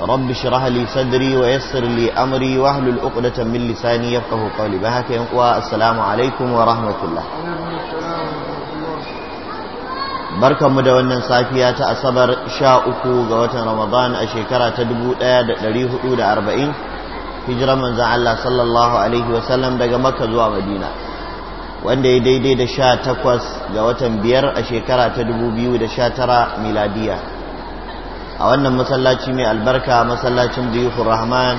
رب شرح لي صدري ويسر لي uku da الأقدة lisani ya يفقه قولي بهك ينقوى السلام عليكم ورحمة الله barkan mu da wannan safiya ta asabar sha uku ga watan ramadan a shekara ta dubu ɗaya da ɗari hudu da arba'in hijira manzan Allah sallallahu alaihi wasallam daga maka zuwa madina wanda ya daidai da sha takwas ga watan biyar a shekara ta dubu biyu da sha tara miladiya a wannan masallaci mai albarka masallacin diyufur rahman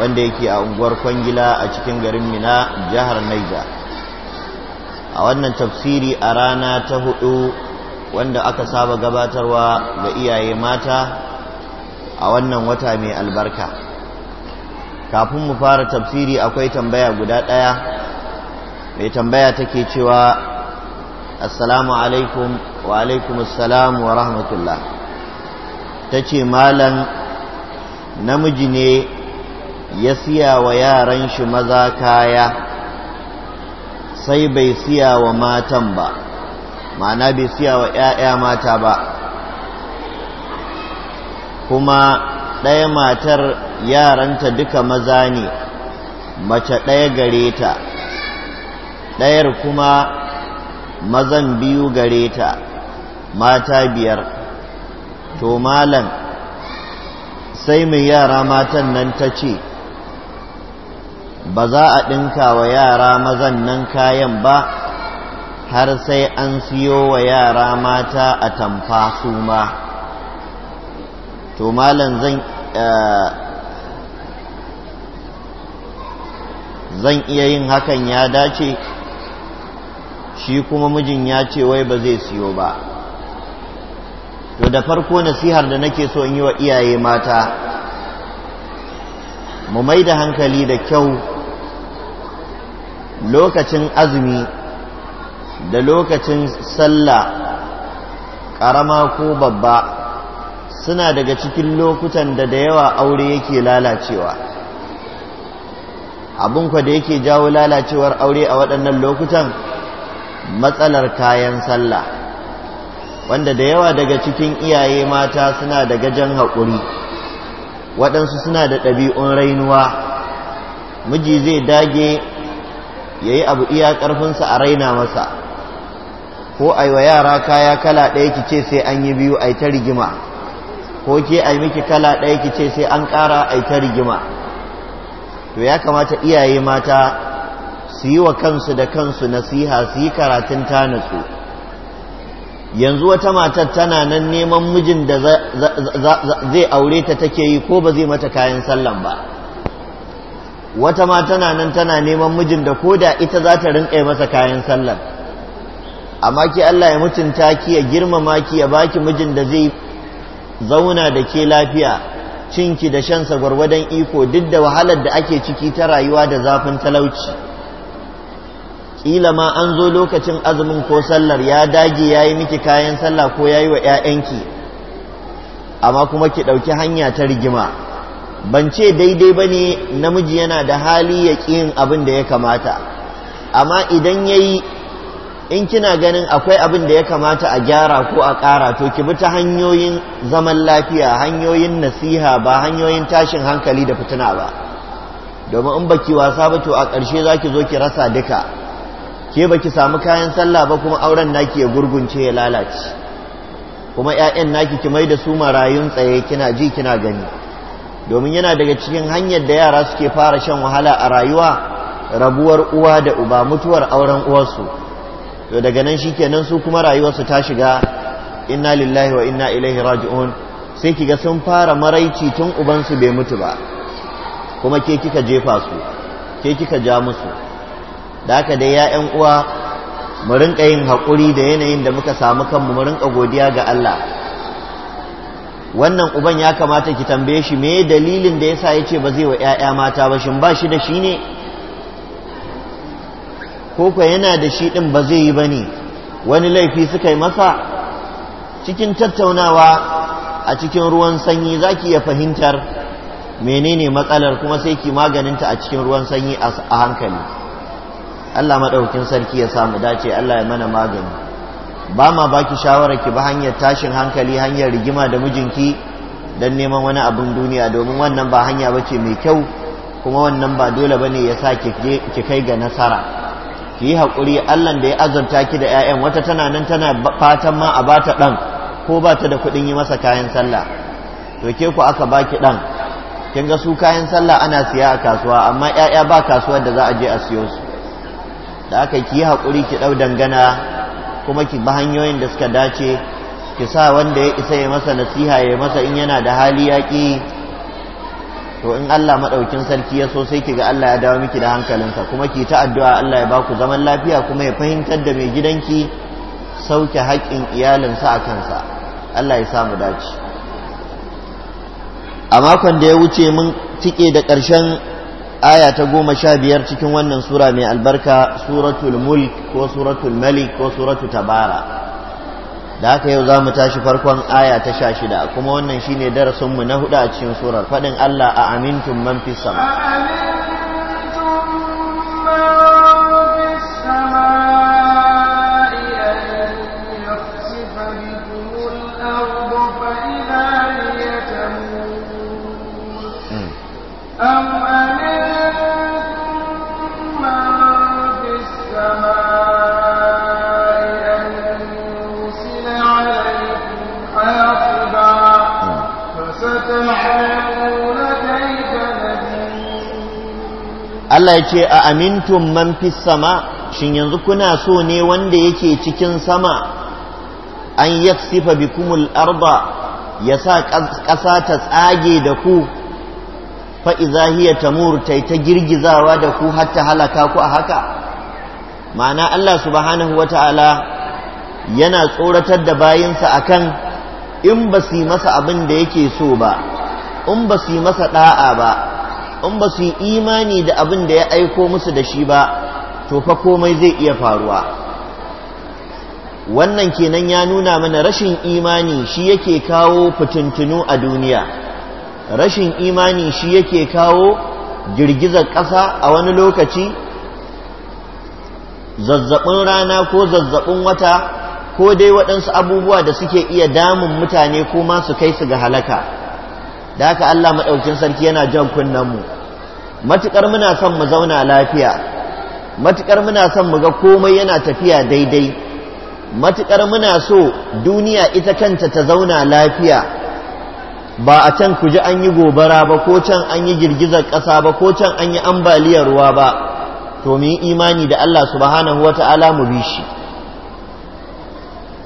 wanda yake a unguwar kwangila a cikin garin mina jihar naija a wannan tafsiri a rana ta hudu wanda aka saba gabatarwa ga iyaye mata a wannan wata mai albarka kafin mu fara tafsiri akwai tambaya guda daya mai tambaya take cewa assalamu alaikum wa alaikum wa rahmatullah ta ce malam namiji ne ya siya wa yaran shi maza kaya sai bai siya wa matan ba ma'ana bai siya wa 'ya'ya mata ba kuma ɗaya matar yaranta duka maza ne mace ɗaya gare ta ɗayar kuma mazan biyu gare ta mata biyar to malam sai mai yara matan nan ta ce ba za a ɗinka wa yara mazan nan kayan ba har sai an siyo wa yara mata a tamfa su ma to malam zan eh, zan iya yin hakan ya dace shi kuma mijin ya ce wai ba zai siyo ba to da farko nasihar da nake so in yi wa iyaye mata mu mai da hankali da kyau lokacin azumi da lokacin sallah ƙarama ko babba suna daga cikin lokutan da da yawa aure yake lalacewa abin kwa da yake jawo lalacewar aure a waɗannan lokutan matsalar kayan sallah wanda da yawa daga cikin iyaye mata suna da gajen haƙuri waɗansu suna da ɗabi'un rainuwa miji zai dage ya yi abu iya ƙarfinsa a raina masa ko a wa yara kaya kala ɗaya ki ce sai an yi biyu a ta rigima ko ke a miki kala ɗaya ki ce sai an ƙara a ta rigima to ya kamata iyaye mata su yi wa kansu da kansu nasiha su yi karatun ta natsu yanzu wata matar tana nan neman mijin da zai aure ta take yi ko ba zai mata kayan sallan ba wata ma tana nan tana neman mijin da ko da ita za ta rinƙa masa kayan sallan amma ki Allah ya mutunta ki ya girmama ki ya baki mijin da zai zauna da ke lafiya cinki da shansa gwargwadon iko duk da wahalar da ake ciki ta rayuwa da zafin talauci kila ma an zo lokacin azumin ko sallar ya dage ya yi miki kayan sallah ko ya yi wa 'ya'yanki amma kuma ki ɗauki hanya ta rigima ban ce daidai ba ne namiji yana da hali ya yin abin da ya kamata amma idan ya yi in kina ganin akwai abin da ya kamata a gyara ko a ƙara to ki bi ta hanyoyin zaman lafiya hanyoyin nasiha ba hanyoyin tashin hankali da fitina ba domin in baki wasa ba to a ƙarshe za ki zo ki rasa duka ke baki samu kayan sallah ba kuma auren naki ya gurgunce ya lalace kuma ƴaƴan naki ki mai da su marayun tsaye kina ji kina gani domin yana daga cikin hanyar da yara suke fara shan wahala a rayuwa rabuwar uwa da uba mutuwar auren uwarsu to daga nan shikenan su kuma rayuwarsu ta shiga inna lillahi wa inna ilaihi raji'un sai kiga sun fara maraici tun uban su bai mutu ba kuma ke kika jefa su ke kika ja musu da haka dai ya ƴan uwa mu rinka yin haƙuri da yanayin da muka samu kanmu mu rinka godiya ga Allah wannan uban ya kamata ki tambaye shi me dalilin da yasa yace ba zai wa 'ya'ya mata ba shin ba shi da shi ne ko ko yana da shi din ba zai yi bane wani laifi suka yi masa cikin tattaunawa a cikin ruwan sanyi zaki iya fahimtar menene matsalar kuma sai ki maganinta a cikin ruwan sanyi a hankali Allah maɗaukin sarki ya samu dace Allah ya mana magani ba ma ba ki shawara ki ba hanyar tashin hankali hanyar rigima da mijinki don neman wani abin duniya domin wannan ba hanya ba ce mai kyau kuma wannan ba dole ba ne ya sa ki kai ga nasara ki yi haƙuri Allah da ya azurta ki da 'ya'yan wata tana nan tana fatan ma a bata ɗan ko ba ta da kuɗin yi masa kayan sallah to ke ku aka baki ɗan kin ga su kayan sallah ana siya a kasuwa amma 'ya'ya ba kasuwar da za a je a siyo su da aka ki yi haƙuri ki ɗau dangana kuma ki bi hanyoyin da suka dace ki sa wanda ya isa ya masa nasiha ya masa in yana da hali ya ƙi to in Allah maɗaukin sarki ya so sai ki ga Allah ya dawo miki da hankalinsa kuma ki ta addu'a Allah ya baku zaman lafiya kuma ya fahimtar da mai gidanki sauke haƙƙin iyalinsa a kansa Allah ya samu dace a makon da ya wuce mun cike da ƙarshen aya ta goma sha biyar cikin wannan sura mai albarka suratul mulk ko suratul malik ko suratul tabara da haka yau za mu tashi farkon aya ta sha shida kuma wannan shine darasinmu na hudu a cikin surar faɗin Allah a amintun man fi Allah ya ce a amintum man fi sama shin yanzu kuna so ne wanda yake cikin sama an yaksifa bikumul arba ya sa ƙasa ta tsage da ku fa ta ta ta girgizawa da ku hatta halaka ku a haka ma'ana Allah subhanahu ta'ala yana tsoratar da bayinsa akan in ba su yi masa abin da yake so ba in ba su yi masa ɗa'a ba in ba su yi imani da abin da ya aiko musu da shi ba to fa komai zai iya faruwa wannan kenan ya nuna mana rashin imani shi yake kawo fitintunu a duniya rashin imani shi yake kawo girgizar ƙasa a wani lokaci zazzabin rana ko zazzabin wata ko dai waɗansu abubuwa da suke iya damun mutane ko su kai su ga halaka da haka Allah maɗaukin sarki yana jan kunnen mu Matuƙar muna son mu zauna lafiya Matuƙar muna son mu ga komai yana tafiya daidai Matuƙar muna so duniya ita kanta ta zauna lafiya ba a can ku ji an yi gobara ba ko can an yi girgizar ƙasa ba ko can an yi ambaliyar ruwa ba to mu yi imani da Allah subhanahu ta'ala mu bi shi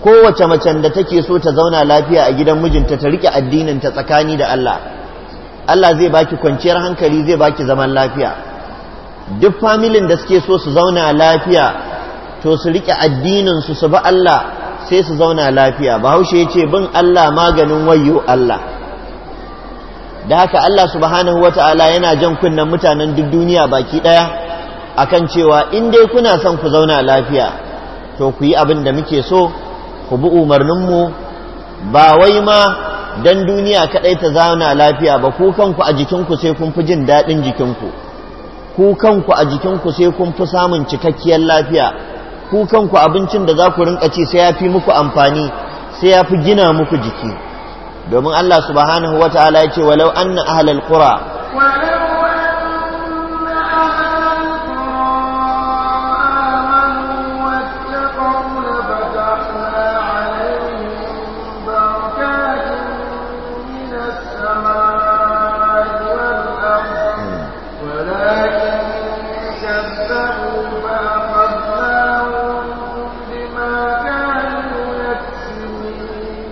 kowace macen da take so ta zauna lafiya a gidan mijinta ta riƙe addinin ta tsakani da Allah Allah zai baki kwanciyar hankali zai baki zaman lafiya duk familin da suke so su zauna lafiya to su rike addinin su su bi Allah sai su zauna lafiya bahaushe ya ce bin Allah maganin wayo Allah da haka Allah subhanahu ta'ala yana jan kunnen mutanen duk duniya baki daya akan cewa in dai kuna son ku zauna lafiya to ku yi abin da muke so ku bi mu ba wai ma dan duniya kaɗai ta zauna lafiya ba ku kanku a jikinku sai kun fi jin daɗin jikinku ku kanku a jikinku sai kun fi samun cikakkiyar lafiya ku kanku abincin da za ku rinka ci sai ya fi muku amfani sai ya fi gina muku jiki domin Allah subhanahu wa ta'ala ya ce walau anna ahlal qura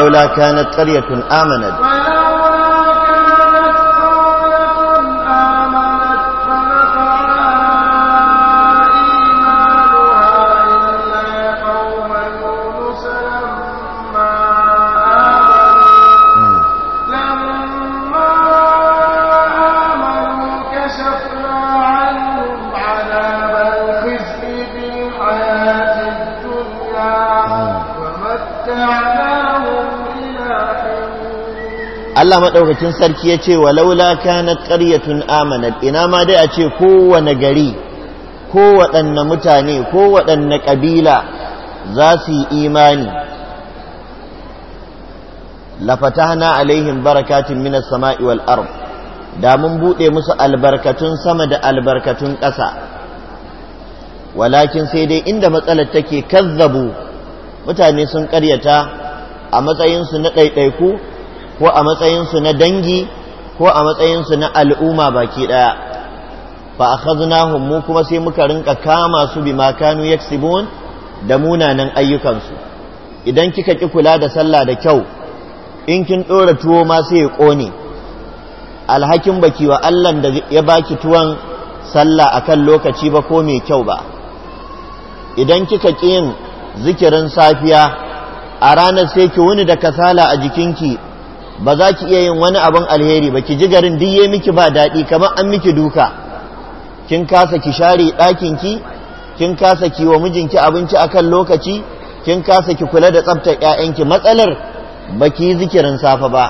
ولولا كانت قرية آمنت Allah maɗaukakin sarki ya ce walaula kanat qaryatun amanat ina ma dai a ce kowane gari kowaɗanne mutane kowaɗanne ƙabila za su yi imani lafatahna alaihim barakatun minas sama'i wal ard da mun buɗe musu albarkatun sama da albarkatun ƙasa walakin sai dai inda matsalar take kazzabu mutane sun ƙaryata a matsayinsu na ɗaiɗaiku ko a matsayinsu na dangi ko a matsayinsu na al'umma baki ɗaya ba a akhadnahum mu kuma sai muka rinka kama su bi makanu yaksibun da munanan ayyukansu idan kika ki kula da sallah da kyau in kin ɗora tuwo ma sai ya ƙone alhakin baki wa Allah da ya baki tuwon sallah a kan lokaci ba ko mai kyau ba idan kika ƙi yin zikirin safiya a ranar sai ki wuni da kasala a jikinki ba za ki iya yin wani abin alheri ba ki ji garin duk ya miki ba daɗi kamar an miki duka kin kasa ki share ɗakin ki kin kasa ki wa mijinki abinci akan lokaci kin kasa ki kula da tsaftar ƴaƴanki matsalar ba yi zikirin safe ba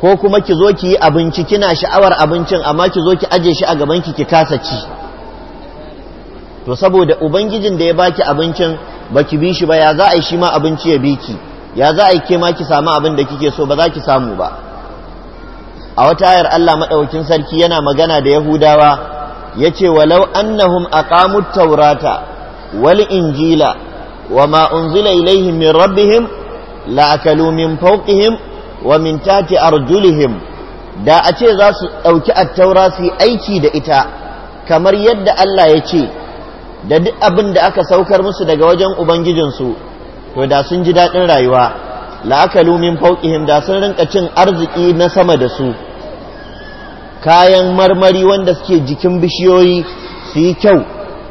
ko kuma ki zo ki yi abinci kina sha'awar abincin amma ki zo ki aje shi a gaban ki kasa ci to saboda ubangijin da ya baki abincin baki bi shi ba ya za a yi shi ma abinci ya bi ki ya za a yi ke ma ki samu abin da kike so ba za ki samu ba a wata ayar Allah maɗaukin sarki yana magana da yahudawa ya ce walau annahum aqamu taurata wal injila wa ma unzila ilaihim min rabbihim la akalu min fawqihim wa min tati arjulihim da a ce za su ɗauki attaura su yi aiki da ita kamar yadda Allah ya ce da duk abin da aka saukar musu daga wajen ubangijinsu to da sun ji daɗin rayuwa la'akalu min fawqihim da sun rinka cin arziki na sama da su kayan marmari wanda suke jikin bishiyoyi su yi kyau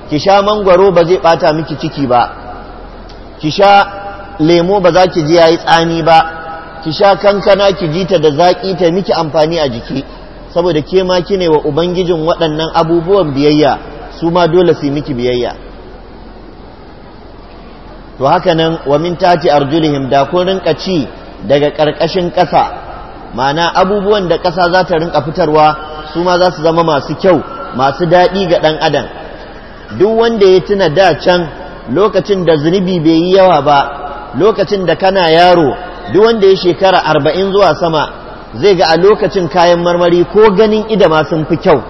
ki sha mangwaro ba zai bata miki ciki ba ki sha lemo ba za ki ji yayi tsani ba ki sha kankana ki ji ta da zaƙi ta miki amfani a jiki saboda ke ma ne wa ubangijin waɗannan abubuwan biyayya su ma dole su yi miki biyayya to haka nan wa min tati arjulihim da kun rinka ci daga ƙarƙashin ƙasa ma'ana abubuwan da ƙasa za ta rinka fitarwa su ma za su zama masu kyau masu daɗi ga ɗan adam duk wanda ya tuna da can lokacin da zunubi bai yi yawa ba lokacin da kana yaro duk wanda ya shekara arba'in zuwa sama zai ga a lokacin kayan marmari ko ganin ida ma sun fi kyau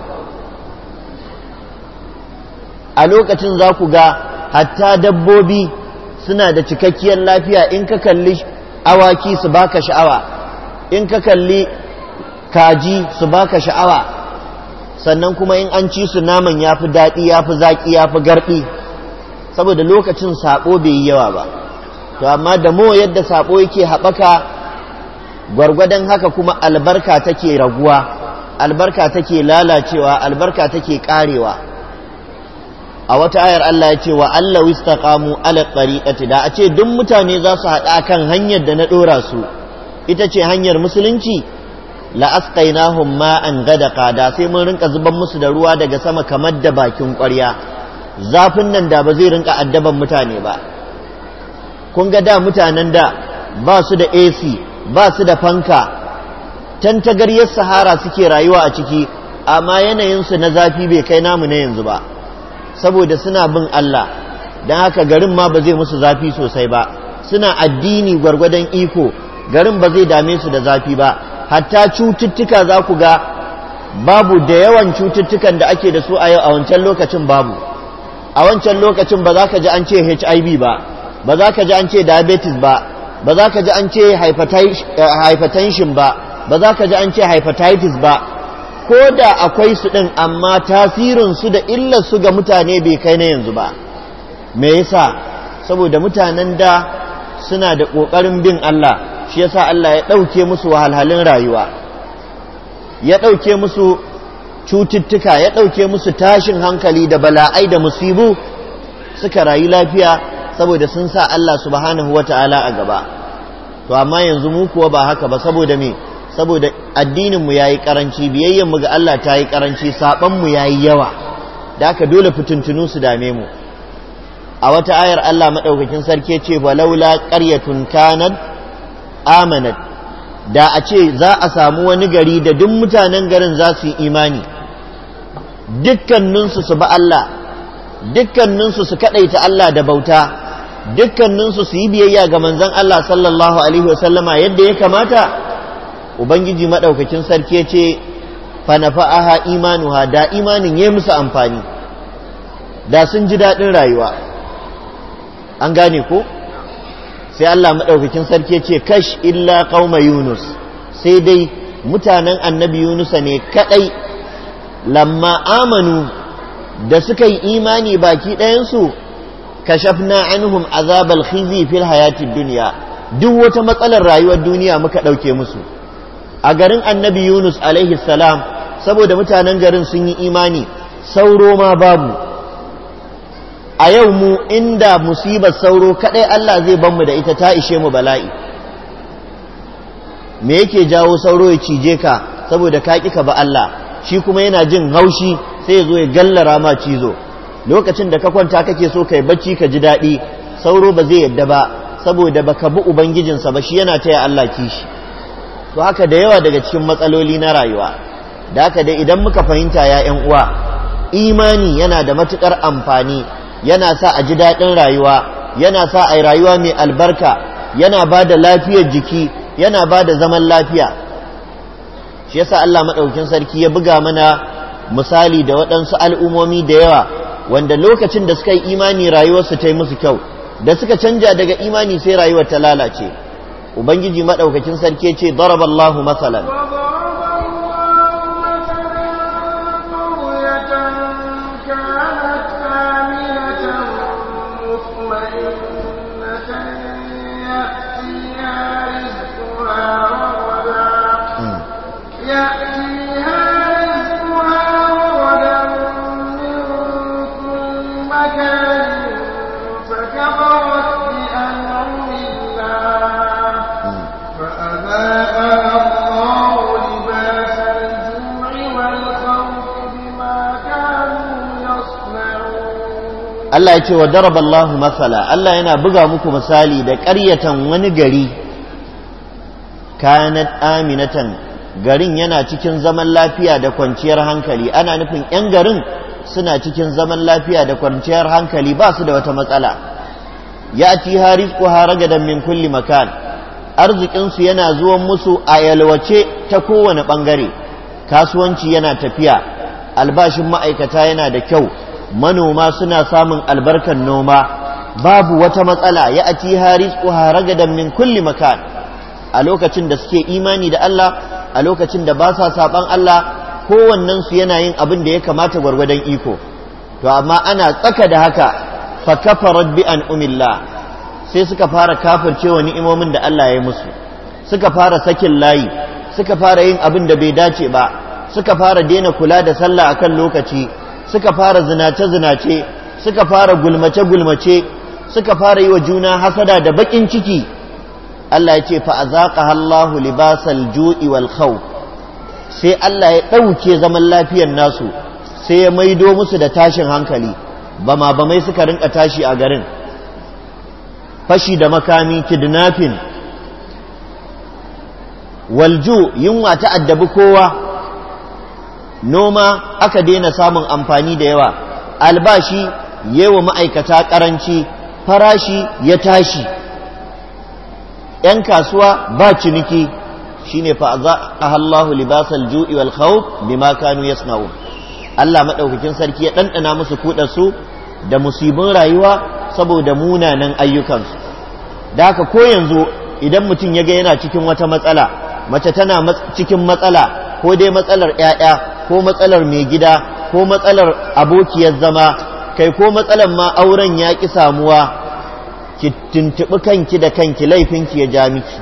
a lokacin za ku ga hatta dabbobi suna da cikakkiyar lafiya in ka kalli awaki su baka sha'awa in ka kalli kaji su baka sha'awa sannan kuma in an ci su naman ya fi daɗi ya fi zaƙi ya fi garɗi saboda lokacin saɓo bai yi yawa ba to amma da mo yadda saɓo yake haɓaka gwargwadon haka kuma albarka take raguwa albarka take lalacewa albarka take ƙarewa a wata ayar Allah ya ce wa Allah wistaqamu ala tariqati da a ce duk mutane za su haɗa kan hanyar da na ɗora su ita ce hanyar musulunci la asqainahum ma'an gadaqa da sai mun rinka zuban musu da ruwa daga sama kamar da bakin ƙwarya zafin nan da ba zai rinka addaban mutane ba kun ga da mutanen da ba su da AC ba su da fanka tantagaryar sahara suke rayuwa a ciki amma yanayinsu na zafi bai kai namu na yanzu ba saboda suna bin Allah don haka garin ma ba zai musu zafi sosai ba suna addini gwargwadon iko garin ba zai dame su da zafi ba hatta cututtuka za ku ga babu da yawan cututtukan da ake da su a yau a wancan lokacin babu a wancan lokacin ba za ka ji an ce hiv ba ba za ka ji an ce diabetes ba ba za ka ji an ce eh, hypertension ba ba za ka ji an ce hypertitis ba ko da akwai su ɗin amma tasirin su da su ga mutane bai kai na yanzu ba me yasa saboda mutanen da suna da ƙoƙarin bin Allah shi yasa Allah ya ɗauke musu wahalhalin rayuwa ya ɗauke musu cututtuka ya ɗauke musu tashin hankali da bala'ai da musibu suka rayu lafiya saboda sun sa Allah subhanahu wa ta'ala a gaba to amma yanzu mu kuwa ba haka ba saboda me saboda addininmu yayi yi ƙaranci mu ga Allah ta yi ƙaranci saɓanmu ya yi yawa da aka dole fitintunu su dame mu a wata ayar Allah maɗaukakin sarki ce ba laula ƙaryatun kanad amanat da a ce za a samu wani gari da duk mutanen garin za su yi imani dukkaninsu su ba Allah dukkaninsu su kaɗaita Allah da bauta dukkaninsu su yi biyayya ga manzon Allah sallallahu alaihi wasallama yadda ya kamata ubangiji madaukakin sarki ya ce fa imanuha da imanin ya musu amfani da sun ji daɗin rayuwa an gane ko sai Allah madaukakin sarki ya ce kash illa qauma yunus sai dai mutanen annabi yunusa ne kaɗai lamma amanu da suka yi imani baki ɗayansu kashafna anhum azabal khizi fil hayati duniya duk wata matsalar rayuwar duniya muka ɗauke musu a garin annabi yunus alaihi salam saboda mutanen garin sun yi imani sauro ma babu a yau mu inda musibar sauro kadai Allah zai banmu da ita ta ishe mu bala'i me yake jawo sauro ya cije ka saboda ka ka ba Allah shi kuma yana jin haushi sai ya zo ya gallara ma cizo lokacin da ka kwanta kake so kai bacci ka ji daɗi sauro ba zai yadda ba saboda baka bi ubangijinsa ba shi yana taya Allah kishi to haka da yawa daga cikin matsaloli na rayuwa da haka dai idan muka fahimta ya yan uwa imani yana da matukar amfani yana sa a ji daɗin rayuwa yana sa a rayuwa mai albarka yana ba da lafiyar jiki yana ba da zaman lafiya shi yasa Allah maɗaukin sarki ya buga mana misali da waɗansu al'umomi da yawa wanda lokacin da suka yi imani rayuwarsu ta yi musu kyau da suka canja daga imani sai rayuwar ta lalace ubangiji madaukakin sarki ce daraballahu masalan Allah ya ce wa daraballahu masala Allah yana buga muku misali da ƙaryatan wani gari kanat aminatan garin yana cikin zaman lafiya da kwanciyar hankali ana nufin 'yan garin suna cikin zaman lafiya da kwanciyar hankali ba su da wata matsala ya ci ga ragadan min kulli makan arzikinsu yana zuwan musu a yalwace ta kowane ɓangare kasuwanci yana tafiya albashin ma'aikata yana da kyau manoma suna samun albarkan noma babu wata matsala ya ati haris ragadan min kulli makan a lokacin da suke imani da Allah a lokacin da ba sa saban Allah kowannen su yana yin abin da ya kamata gwargwadon iko to amma ana tsaka da haka fa kafara bi an umilla sai suka fara kafircewa ni'imomin da Allah ya musu suka fara sakin layi suka fara yin abin da bai dace ba suka fara daina kula da sallah akan lokaci suka fara zinace-zinace suka fara gulmace-gulmace suka fara yi wa juna hasada da bakin ciki Allah ya ce fa'azaƙa Allahu libasal ju'i wal khaw sai Allah ya ɗauke zaman lafiyar nasu sai ya maido musu da tashin hankali ba ma ba mai suka rinka tashi a garin fashi da makami kidnapping walju yunwa ta addabi kowa noma aka daina samun amfani da yawa albashi yawa ma'aikata karanci farashi ya tashi ‘yan kasuwa ba ciniki shi ne ahallahu Libasar ju'i wal khawf bima kanu Allah maɗaukakin sarki ya ɗanɗana musu su da musibin rayuwa saboda munanan ayyukansu da haka ko yanzu idan mutum ya ga yana cikin wata matsala mace tana cikin matsala ko dai matsalar ‘ya'ya ko matsalar mai gida ko matsalar abokiyar zama kai ko matsalar ma auren ya ki samuwa ki tuntuɓi kanki da kanki laifinki ya ja miki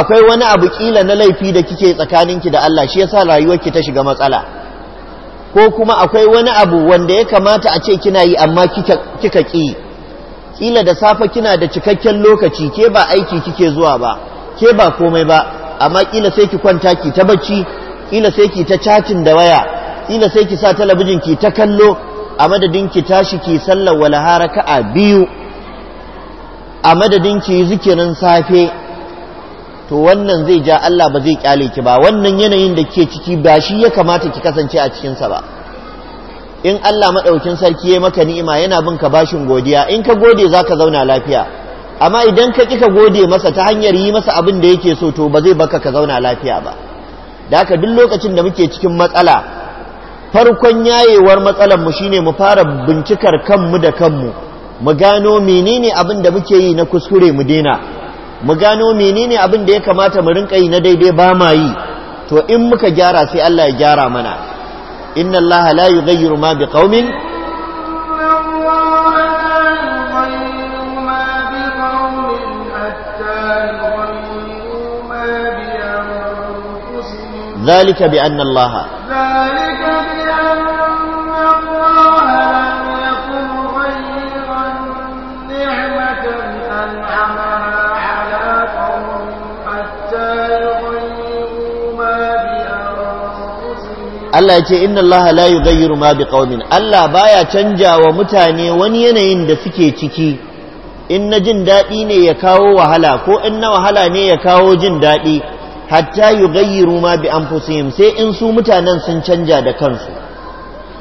akwai wani abu ƙila na laifi da kike tsakaninki da Allah shi yasa rayuwarki ta shiga matsala ko kuma akwai wani abu wanda ya kamata a ce kina yi amma kika ƙi ƙila da safe kina da cikakken lokaci ke ba aiki kike zuwa ba ke ba komai ba amma ƙila sai ki kwanta ki ta bacci kila sai ki ta chatin da waya kila sai ki sa talabijin ki ta kallo a madadin ki tashi ki sallar walaha a biyu a madadin ki yi zikirin safe to wannan zai ja Allah ba zai kyale ki ba wannan yanayin da ke ciki ba shi ya kamata ki kasance a cikin sa ba in Allah maɗaukin sarki ya maka ni'ima yana bin ka bashin godiya in ka gode zaka zauna lafiya amma idan ka kika gode masa ta hanyar yi masa abin da yake so to ba zai baka ka zauna lafiya ba da aka duk lokacin da muke cikin matsala farkon yayewar matsalar mu shine mu fara bincikar kanmu da kanmu mu gano menene abin da muke yi na kuskure mu daina mu gano menene abin da ya kamata mu rinka yi na daidai ba ma yi to in muka gyara sai Allah ya gyara mana inna Allah la yughayyiru ma biqaumin ذلك بأن الله ذلك Allah ya ce inna Allah la yughayyiru ma biqaumin Allah baya canja wa mutane wani yanayin da suke ciki in na jin daɗi ne ya kawo wahala ko in na wahala ne ya kawo jin daɗi hatta yughayyiru ma bi anfusihim sai in su mutanen sun canja da kansu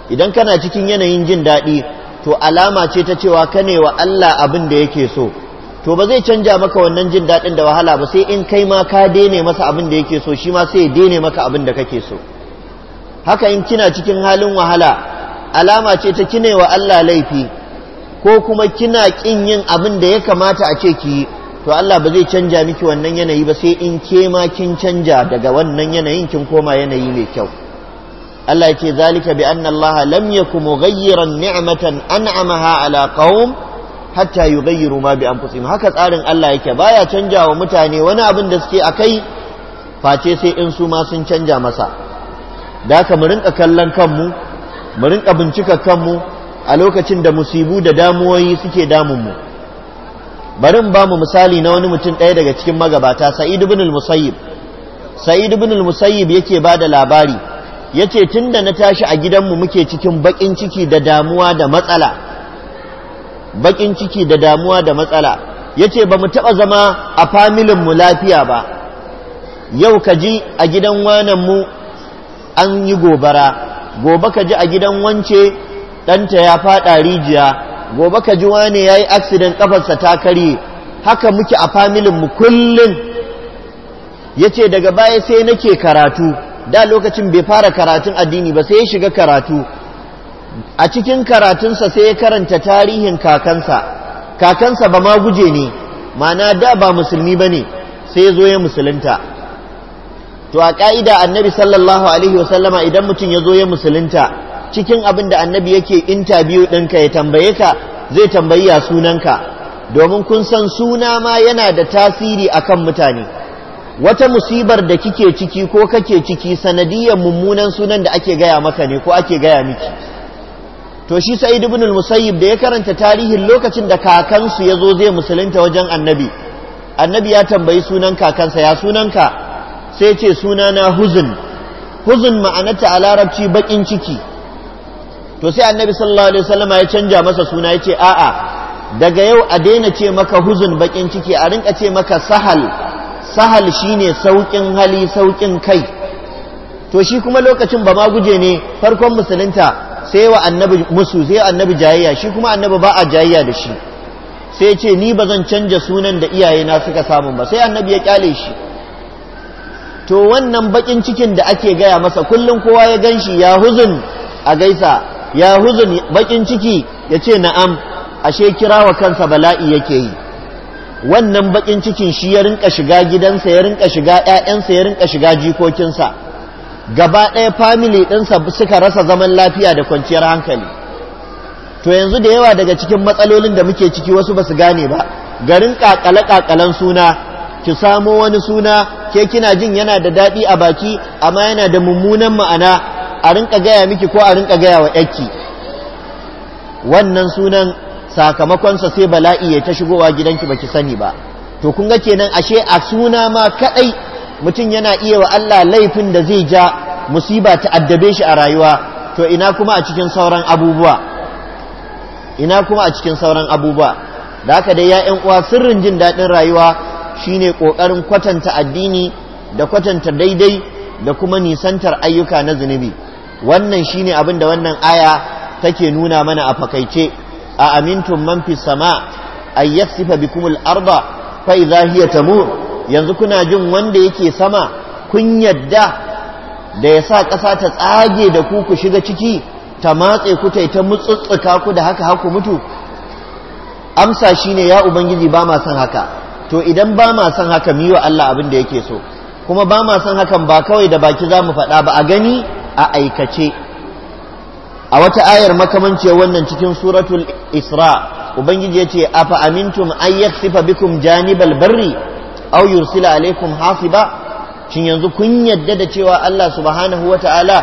idan kana cikin yanayin jin daɗi to alama ce ta cewa ka ne wa Allah abin da yake so to ba zai canja maka wannan jin daɗin da wahala ba sai in kai ma ka daine masa abin da yake so shi ma sai ya daine maka abin da kake so haka in kina cikin halin wahala alama ce ta wa Allah laifi ko kuma kina ƙin yin abin da ya kamata a ce ki yi to Allah ba zai canja miki wannan yanayi ba sai in ke ma kin canja daga wannan yanayin kin koma yanayi mai kyau Allah ya ce zalika bi anna Allah lam yakum mughayyiran ni'matan an'amaha ala qaum hatta yughayyiru ma bi anfusihim haka tsarin Allah yake baya canja wa mutane wani abin da suke akai face sai in su ma sun canja masa da haka mu rinka kallon kanmu mu rinka bincika kanmu a lokacin da musibu da damuwoyi suke damun mu bari in ba mu misali na wani mutum ɗaya daga cikin magabata sa'id ibn al-musayyib sa'id ibn al-musayyib yake ba da labari yace tunda na tashi a gidanmu muke cikin bakin ciki da damuwa da matsala bakin ciki da damuwa da matsala yace ba mu taɓa zama a familin mu lafiya ba yau ka ji a gidan wanan mu an yi gobara gobe ka ji a gidan wance ɗanta ya faɗa rijiya gobe ka ji wane ya yi aksidan kafarsa ta karye haka muke a familin mu kullum ya ce daga baya sai nake karatu da lokacin bai fara karatun addini ba sai ya shiga karatu a cikin karatunsa sai ya karanta tarihin kakansa kakansa ba ma guje ne mana da ba musulmi ba ne sai ya zo ya musulunta to a ƙa'ida annabi sallallahu alaihi wasallama idan mutum ya zo ya musulunta cikin abin da annabi yake intabiyu ɗinka ya tambaye ka zai tambayi ya sunanka domin kun san suna ma yana da tasiri akan mutane wata musibar da kike ciki ko kake ciki sanadiyar mummunan sunan da ake gaya maka ne ko ake gaya miki to shi sa'id ibn al da ya karanta tarihin lokacin da kakansu ya zo zai musulunta wajen annabi annabi ya tambayi sunan kakansa ya sunanka sai ce na huzun huzun ma'anarta a larabci bakin ciki to sai annabi sallallahu alaihi wasallama ya canja masa suna ya ce a'a daga yau a daina ce maka huzun bakin ciki a rinka ce maka sahal sahal shine saukin hali saukin kai to shi kuma lokacin ba ma guje ne farkon musulunta sai wa annabi musu sai annabi jayayya shi kuma annabi ba a jayayya da shi sai ce ni bazan zan canja sunan da iyaye na suka samu ba sai annabi ya kyale shi to wannan bakin cikin da ake gaya masa kullum kowa ya gan shi ya huzun a gaisa ya huzun bakin ciki ya ce na'am ashe kira wa kansa bala'i yake yi wannan bakin cikin shi ya rinka shiga gidansa ya rinka shiga 'ya'yansa ya rinka shiga jikokinsa gaba ɗaya famili ɗinsa suka rasa zaman lafiya da kwanciyar hankali to yanzu da yawa daga cikin matsalolin da muke ciki wasu ba su gane ba garin kakale kakalen suna ki samo wani suna ke kina jin yana da daɗi a baki amma yana da mummunan ma'ana a rinka gaya miki ko a rinka gaya wa yaki wannan sunan sakamakonsa sai bala'i ya ta shigowa gidanki baki sani ba to kun ga kenan ashe a suna ma kadai mutum yana iya wa Allah laifin da zai ja musiba ta addabe shi a rayuwa to ina kuma a cikin sauran abubuwa ina kuma a cikin sauran abubuwa da haka dai ya uwa sirrin jin daɗin rayuwa shine ƙoƙarin kwatanta addini da kwatanta daidai da kuma nisantar ayyuka na zunubi wannan shine abin da wannan aya take nuna mana a fakaice a amintun man fi sama ay yaksifa bikum al-arda fa idha hiya tamur yanzu kuna jin wanda yake sama kun yadda da ya sa ƙasa ta tsage da ku ku shiga ciki ta matse ku ta ta mutsutsuka ku da haka haku mutu amsa shine ya ubangiji ba ma son haka to idan ba ma son haka miwa Allah abin da yake so kuma ba ma son hakan ba kawai da baki za mu faɗa ba a gani a aikace a wata ayar makamanciyar wannan cikin suratul isra ubangiji ya ce afa amintum an yaksifa bikum janibal barri aw yursila alaikum hasiba shin yanzu kun yadda da cewa Allah subhanahu wa ta'ala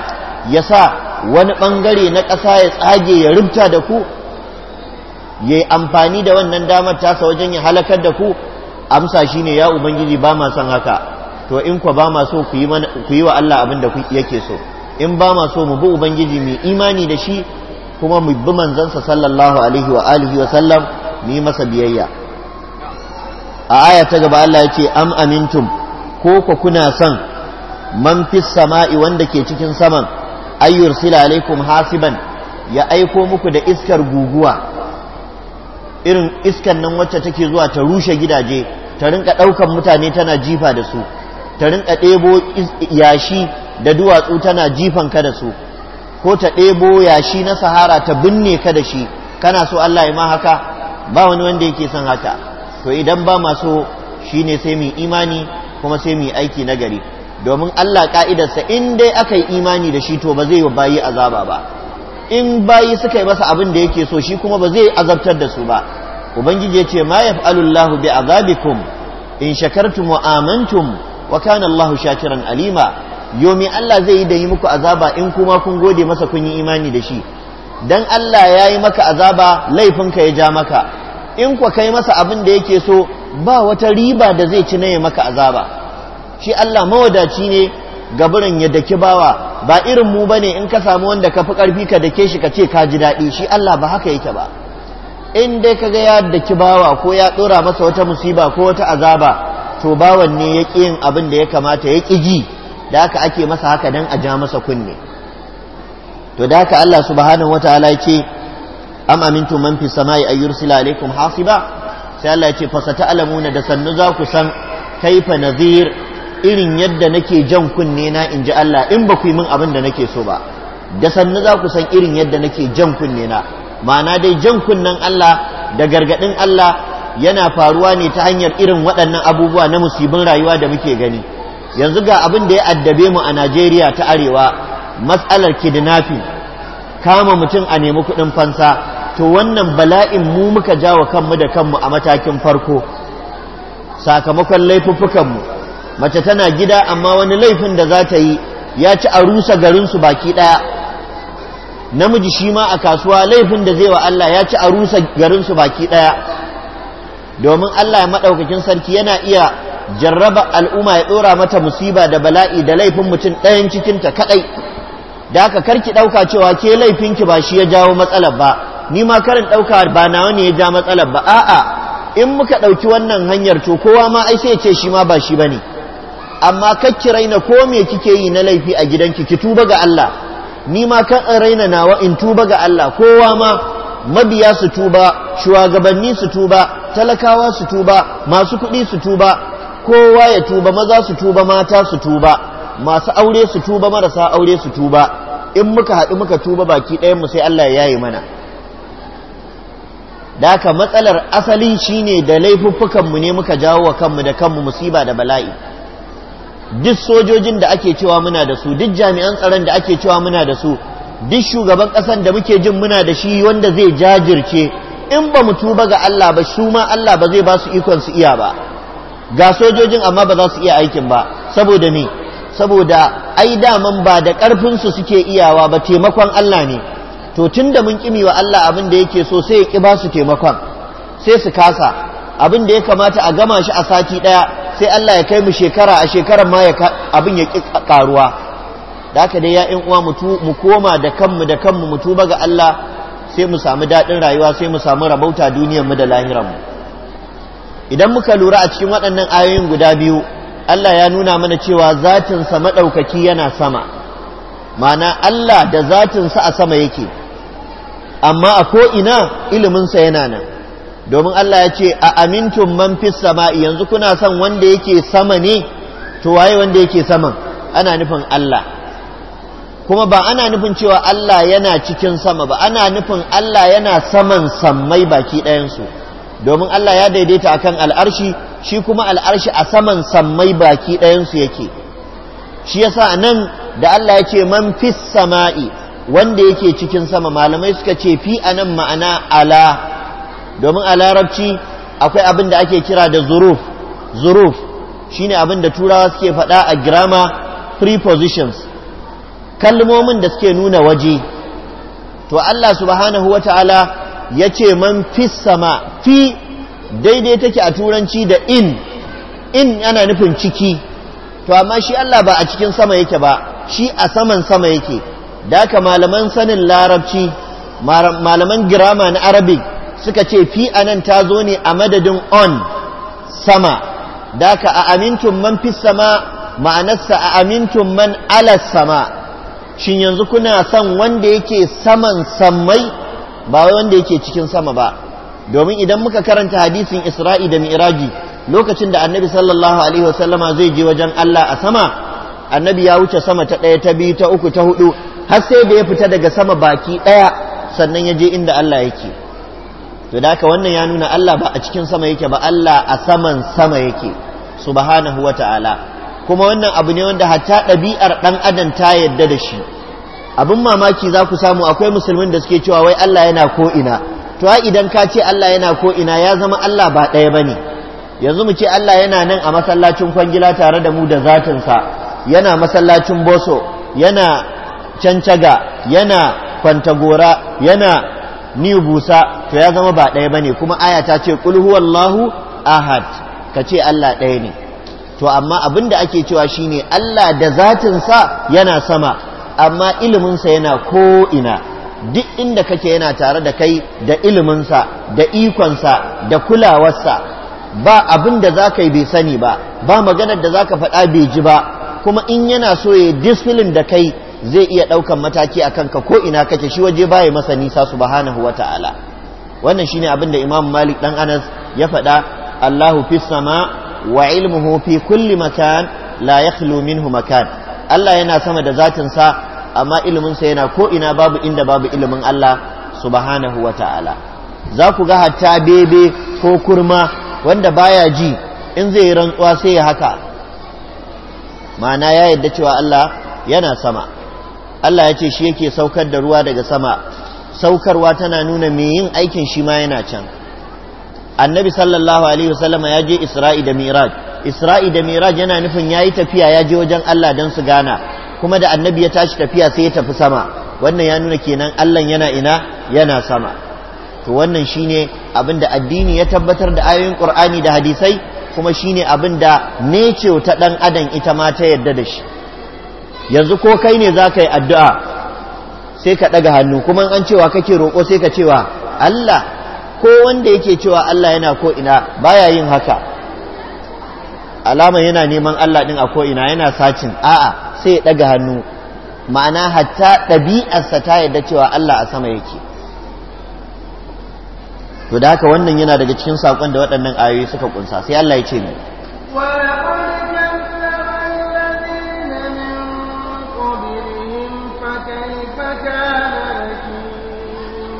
ya sa wani bangare na ƙasa ya tsage ya rubta da ku ya yi amfani da wannan damar tasa wajen ya halakar da ku amsa shi ne ya ubangiji ba ma son haka to in ku ba ma so ku yi wa Allah abin da yake so in ba ma so mu bi ubangiji mu imani da shi kuma mu bi manzansa sallallahu alaihi wa alihi wa sallam mu yi masa biyayya a aya ta gaba Allah ya ce am amintum ko ku kuna son man fis sama'i wanda ke cikin saman ayyur sila alaikum hasiban ya aiko muku da iskar guguwa irin iskan nan wacce take zuwa ta rushe gidaje ta rinka ɗaukan mutane tana jifa da su ta rinka ɗebo yashi da duwatsu tana jifan ka da su ko ta ɗebo yashi na sahara ta binne ka da shi kana so Allah ya ma haka ba wani wanda yake son haka to idan ba masu shi ne sai mu imani kuma sai mu aiki nagari domin Allah ka'idarsa in dai aka yi imani da shi to ba zai bayi azaba ba in bayi suka yi masa abin da yake so shi kuma ba zai azabtar da su ba ubangiji ya ce ma yaf'alullahu bi azabikum in shakartum wa amantum wa kana Allahu shakiran alima yomi Allah zai yi da yi muku azaba in kuma kun gode masa kun yi imani da shi dan Allah ya yi maka azaba laifinka ya ja maka in ku kai masa abin da yake so ba wata riba da zai ci na ya maka azaba shi Allah mawadaci ne ga biran ya daki bawa ba irin mu bane in ka samu wanda ka fi karfi ka dake shi ka ce ka ji daɗi shi Allah ba haka yake ba in dai ka ga ya daki bawa ko ya tsora masa wata musiba ko wata azaba to bawan ne ya ƙi yin abin da ya kamata ya ƙi ji da aka ake masa haka dan a ja masa kunne to da aka Allah subhanahu wataala ce am amintu man fi samai ay yursila alaikum hasiba sai Allah ce alamu na da sannu za ku san kaifa nadhir irin yadda nake jan kunne na in ji Allah in ba ku yi min abin da nake so ba da sannu za ku san irin yadda nake jan kunne na ma'ana dai jan kunnen Allah da gargadin Allah yana faruwa ne ta hanyar irin waɗannan abubuwa na musibin rayuwa da muke gani yanzu ga abin da ya addabe mu a Najeriya ta arewa matsalar kidnafi kama mutum a nemi kuɗin fansa to wannan bala'in mu muka jawo kanmu da kanmu a matakin farko sakamakon laifuffukanmu mace tana gida amma wani laifin da za ta yi ya ci a rusa garinsu baki ɗaya namiji shi ma a kasuwa laifin da zai wa Allah ya ci a rusa garinsu baki ɗaya domin Allah ya maɗaukakin sarki yana iya jarraba al'umma ya ɗora mata musiba da bala'i da laifin mutum ɗayan cikinta kaɗai da aka karki ɗauka cewa ke laifinki ba shi ya jawo matsalar ba ni ma karin ɗauka ba na wani ya ja matsalar ba a'a in muka ɗauki wannan hanyar to kowa ma ai sai ce shi ma ba shi bane amma kakki raina ko me kike yi na laifi a gidanki ki tuba ga Allah ni ma kan raina nawa in tuba ga Allah kowa ma mabiya su tuba shugabanni su tuba talakawa su tuba masu kuɗi su tuba kowa ya tuba maza su tuba mata su tuba masu aure su tuba marasa aure su tuba in muka haɗu muka tuba baki ɗayan mu sai Allah ya yi mana da aka matsalar asalin shine da laifuffukanmu ne muka jawo wa kanmu da kanmu musiba da bala'i duk sojojin da ake cewa muna da su duk jami'an tsaron da ake cewa muna da su duk shugaban ƙasan da muke jin muna da shi wanda zai jajirce in ba mu tuba ga Allah ba su ma Allah ba zai ba su ikon su iya ba ga sojojin amma ba za su iya aikin ba saboda me saboda ai daman ba da karfin su suke iyawa ba taimakon Allah ne to tunda mun kimi wa Allah abin da yake so sai ya ki ba su taimakon sai su kasa abin da ya kamata a gama shi a sati ɗaya sai Allah ya kai mu shekara a shekarar ma abin ya ki karuwa da haka dai ya uwa mu koma da kanmu da kanmu mu tuba ga Allah sai mu samu daɗin rayuwa sai mu samu rabauta duniyarmu da lahiranmu idan muka lura a cikin waɗannan ayoyin guda biyu Allah ya nuna mana cewa zatinsa maɗaukaki yana sama ma'ana Allah da zatinsa a sama yake amma a ko'ina iliminsa yana nan domin Allah ya ce a amintun man fis sama'i yanzu kuna son wanda yake sama ne to waye wanda yake saman ana nufin Allah kuma ba ana nufin cewa Allah yana cikin sama ba ana nufin Allah yana saman sammai baki ɗayansu domin Allah ya daidaita akan al'arshi shi kuma al'arshi a saman sammai baki ɗayansu yake shi yasa nan da Allah ya ce man fis sama'i wanda yake cikin sama malamai suka ce fi a nan ma'ana ala domin a larabci akwai abin da ake kira da zuruf zuruf shine abin da turawa suke faɗa a girama prepositions kalmomin da suke nuna waje to Allah subhanahu ta'ala ya ce man fi sama fi daidai take a turanci da in in yana nufin ciki to amma shi Allah ba a cikin sama yake ba shi a saman sama yake da ka malaman sanin larabci malaman girama na arabic suka ce fi anan ta zo ne a madadin on sama da ka a amintun man fi sama ma'anarsa a amintun man alas sama shin yanzu kuna son wanda yake saman sammai ba wanda yake cikin sama ba domin idan muka karanta hadisin Isra'i da Mi'raji lokacin da Annabi sallallahu alaihi wasallama zai je wajen Allah a sama Annabi ya wuce sama ta ɗaya ta biyu ta uku ta hudu har sai da ya fita daga sama baki ɗaya sannan ya je inda Allah yake to da wannan ya nuna Allah ba a cikin sama yake ba Allah a saman sama yake subhanahu wa ta'ala kuma wannan abu ne wanda hatta ɗabi'ar ɗan adam ta yadda da shi abin mamaki za ku samu akwai musulmin da suke cewa wai Allah yana ko ina to idan ka ce Allah yana ko'ina ya zama Allah ba ɗaya bane yanzu mu ce Allah yana nan a masallacin kwangila tare da mu da zatinsa yana masallacin boso yana cancaga yana kwantagora yana nibusa to ya zama ba ɗaya bane kuma aya ta ce kul huwallahu ahad ka ce Allah ɗaya ne to amma abin da ake cewa shine Allah da zatinsa yana sama amma iliminsa yana ko'ina duk inda kake yana tare da kai da iliminsa da ikonsa da kulawarsa ba abin da za yi bai sani ba ba maganar da zaka ka faɗa bai ji ba kuma in yana so ya disfilin da kai zai iya ɗaukan mataki a kanka ko'ina kake shi waje ba ya masa nisa subhanahu wa ta'ala wannan shine abin da imam malik ɗan anas ya faɗa allahu fi sama wa ilmuhu fi kulli makan la yakhlu minhu makan Allah yana sama da zatin sa amma ilimin sa yana ko ina babu inda babu ilimin Allah subhanahu wa ta'ala za ku ga hatta bebe ko kurma wanda baya ji in zai yi rantsuwa sai ya haka ma'ana ya yadda cewa Allah yana sama Allah ya ce shi yake saukar da ruwa daga sama saukarwa tana nuna mai yin aikin shi ma yana can annabi sallallahu alaihi wasallam ya je isra'i da miraj isra'i da miraj yana nufin ya yi tafiya ya je wajen allah don su gana kuma da annabi ya tashi tafiya sai ya tafi sama wannan ya nuna kenan allah yana ina yana sama to wannan shine abin da addini ya tabbatar da ayoyin qur'ani da hadisai kuma shine abin da nece ta dan adam ita ma ta yarda da shi yanzu ko kai ne za ka yi addu'a sai ka ɗaga hannu kuma an cewa kake roko sai ka cewa allah ko wanda yake cewa Allah yana ko ina baya yin haka alama yana neman Allah din a ko ina yana sacin a'a sai ya daga hannu ma'ana hatta ɗabi'arsa ta yadda cewa Allah a sama yake to da haka wannan yana daga cikin saƙon da waɗannan ayoyi suka kunsa sai Allah ya ce ni.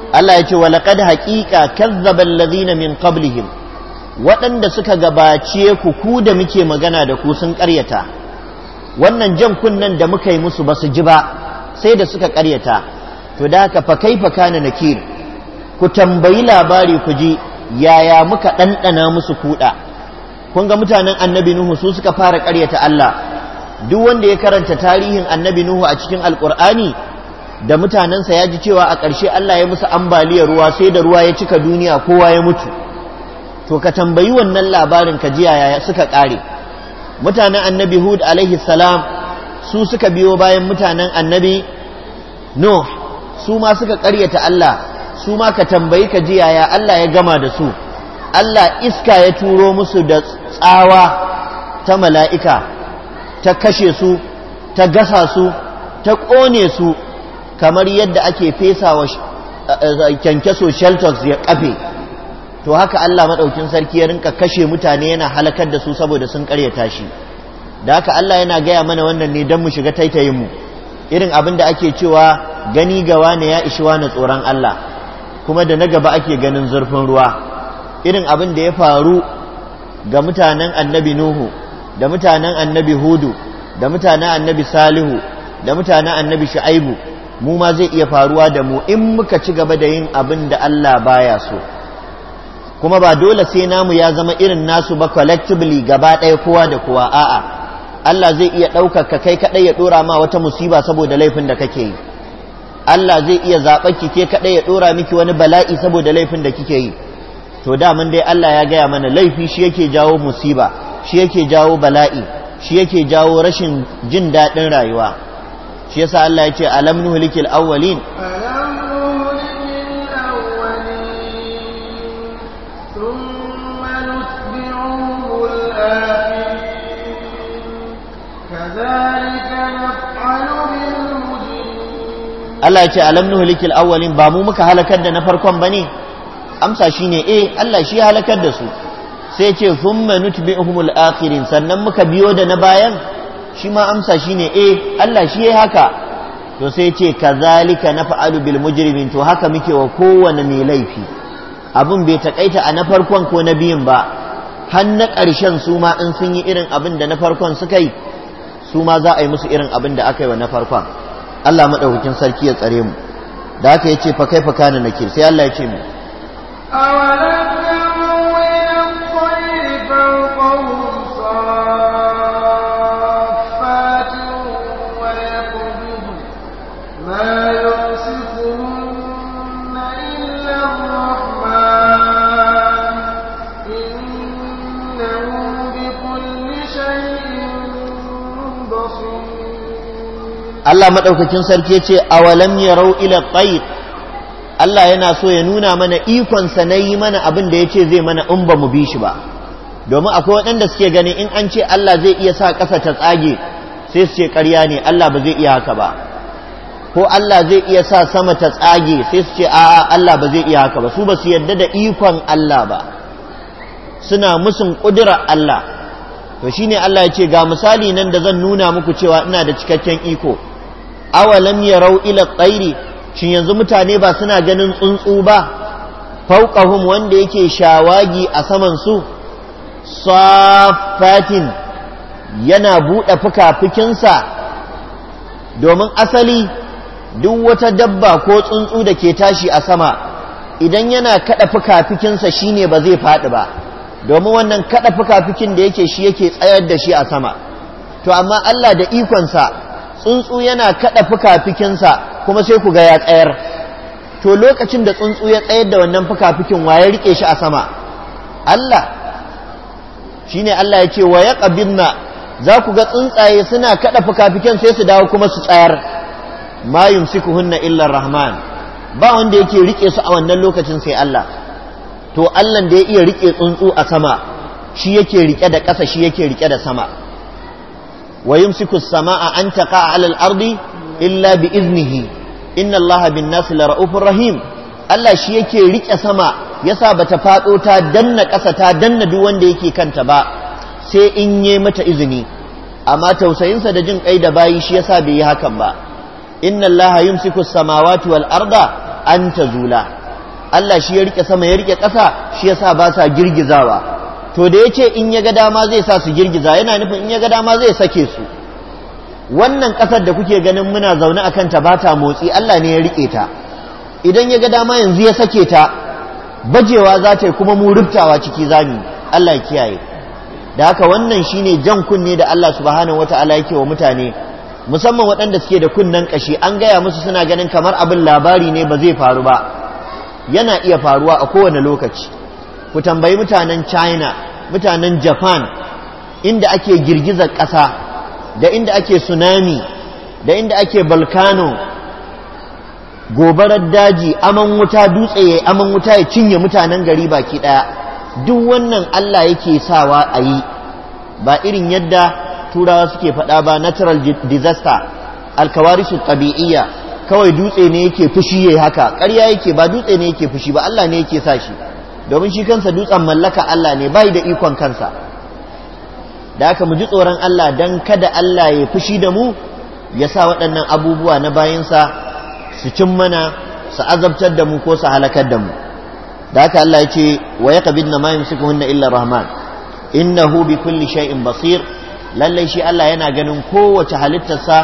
Allah ya ce wa laqad haqiqa kazzaba alladhina min qablihim waɗanda suka gabace ku ku da muke magana da ku sun ƙaryata wannan jan kunnen da muka yi musu su ji ba sai da suka ƙaryata to da haka fa kaifa kana nakir ku tambayi labari ku ji yaya muka ɗanɗana musu kuɗa kun ga mutanen annabi nuhu su suka fara ƙaryata Allah duk wanda ya karanta tarihin annabi nuhu a cikin alƙur'ani da mutanensa ya ji cewa a ƙarshe Allah ya musu ambaliyar ruwa sai da ruwa ya cika duniya kowa ya mutu to ka tambayi wannan labarin ka ji yaya suka ƙare mutanen annabi hud alaihi salam su suka biyo bayan mutanen annabi no su ma suka ƙaryata Allah su ma ka tambayi ka ji yaya Allah ya gama da su Allah iska ya turo musu da tsawa ta mala'ika ta kashe su ta gasa su ta ƙone su kamar yadda ake fesa wa kyankyaso shelters ya kafe to haka Allah maɗaukin sarki ya rinka kashe mutane yana halakar da su saboda sun karyata shi da haka Allah yana gaya mana wannan ne don mu shiga taitayin mu irin abin da ake cewa gani gawa ne ya ishi wani tsoron Allah kuma da na gaba ake ganin zurfin ruwa irin abin da ya faru ga mutanen annabi Nuhu da mutanen annabi Hudu da mutanen annabi Salihu da mutanen annabi Shu'aibu mu ma zai iya faruwa da mu in muka ci gaba da yin abin da Allah baya so kuma ba dole sai namu ya zama irin nasu ba collectively gaba ɗaya kowa da kowa a'a Allah zai iya ɗaukaka kai kaɗai ya ɗora ma wata musiba saboda laifin da kake yi Allah zai iya zaɓar ki ke kaɗai ya ɗora miki wani bala'i saboda laifin da kike yi to da mun dai Allah ya gaya mana laifi shi yake jawo musiba shi yake jawo bala'i shi yake jawo rashin jin daɗin rayuwa shi yasa Allah ya ce alam nuhlikil awwalin Allah ya ce alam nuhlikil awwalin ba mu muka halakar da na farkon bane amsa shine eh Allah shi halakar da su sai ce thumma nutbi'uhumul akhirin sannan muka biyo da na bayan shi ma amsa shine e Allah shi yi haka to sai ce na fa’adu bil mujrimin to haka muke wa kowane mai laifi abun bai takaita a na farkon ko na biyun ba har na ƙarshen su ma in sun yi irin abin da na farkon suka yi su ma za a yi musu irin abin da aka yi wa na farkon Allah maɗaukakin sarki ya tsare mu da haka ce fa kai fa kana nakir sai Allah ya ce mu awalan Allah madaukakin sarki ce awalam yarau ila tayr Allah yana so ya nuna mana ikonsa sa nayi mana abin da ya ce zai mana in ba mu bi shi ba domin akwai waɗanda suke gani in an ce Allah zai iya sa ƙasa ta tsage sai su ce ƙarya ne Allah ba zai iya haka ba ko Allah zai iya sa sama ta tsage sai su ce a'a Allah ba zai iya haka ba su ba su yarda da ikon Allah ba suna musun ƙudura Allah to shine Allah ya ce ga misali nan da zan nuna muku cewa ina da cikakken iko awalam rau ila tsairi shin yanzu mutane ba suna ganin tsuntsu ba fauqahum wanda yake shawagi a saman su safatin yana buɗe fuka-fukinsa domin asali duk wata dabba ko tsuntsu da ke tashi a sama idan yana kaɗa fuka-fukinsa shine ba zai faɗi ba domin wannan kaɗa fuka-fukin da yake shi yake tsayar da shi a sama to amma Allah da ikonsa tsuntsu yana kada fukafikinsa kuma sai ku ga ya tsayar to lokacin da tsuntsu ya tsayar da wannan fukafikin wa ya rike shi a sama Allah shine Allah ya ce wa yaqbidna za ku ga tsuntsaye suna kada fikin sai su dawo kuma su tsayar ma yumsikuhunna illa rahman ba wanda yake rike su a wannan lokacin sai Allah to Allah da ya iya rike tsuntsu a sama shi yake rike da ƙasa shi yake rike da sama wa yumsiku samaa a taqa ala al-ardi illa bi iznihi inna Allah bin rahim Allah shi yake riƙe sama yasa bata fado ta danna ƙasa ta danna duk wanda yake kanta ba sai in yi mata izini amma tausayinsa da jin ƙai da bayi shi yasa bai yi hakan ba inna Allah yumsiku samawati wal arda an zula. Allah shi ya rike sama ya riƙe ƙasa shi yasa ba sa girgizawa to da ya ce in ya ga dama zai sa su girgiza yana nufin in ya ga dama zai sake su wannan kasar da kuke ganin muna zaune a akan ta bata motsi Allah ne ya rike ta idan ya ga dama yanzu ya sake ta bajewa za ta yi kuma mu rubtawa ciki zami Allah ya kiyaye da haka wannan shine jan kunne da Allah subhanahu wataala yake wa mutane musamman waɗanda suke da kunnen ƙashi an gaya musu suna ganin kamar abin labari ne ba zai faru ba yana iya faruwa a kowane lokaci ku tambayi mutanen china mutanen japan inda ake girgizar ƙasa da inda ake tsunami da inda ake balkano gobarar daji aman wuta dutse ya aman wuta ya cinye mutanen gari baki ɗaya duk wannan allah yake sawa a yi ba irin yadda turawa suke faɗa ba natural disaster alkawarisu tabi'iyya kawai dutse ne yake fushi yi haka ƙarya yake ba dutse ne yake fushi ba allah ne yake sa shi domin shi kansa dutsen mallaka Allah ne bai da ikon kansa da aka mu ji tsoron Allah dan kada Allah ya fushi da mu ya sa waɗannan abubuwa na bayansa su cin mana su azabtar da mu ko su halakar da mu da haka Allah ya ce wa yaqbidna ma yumsikuhunna illa rahman innahu bi kulli shay'in basir lallai shi Allah yana ganin kowace halittarsa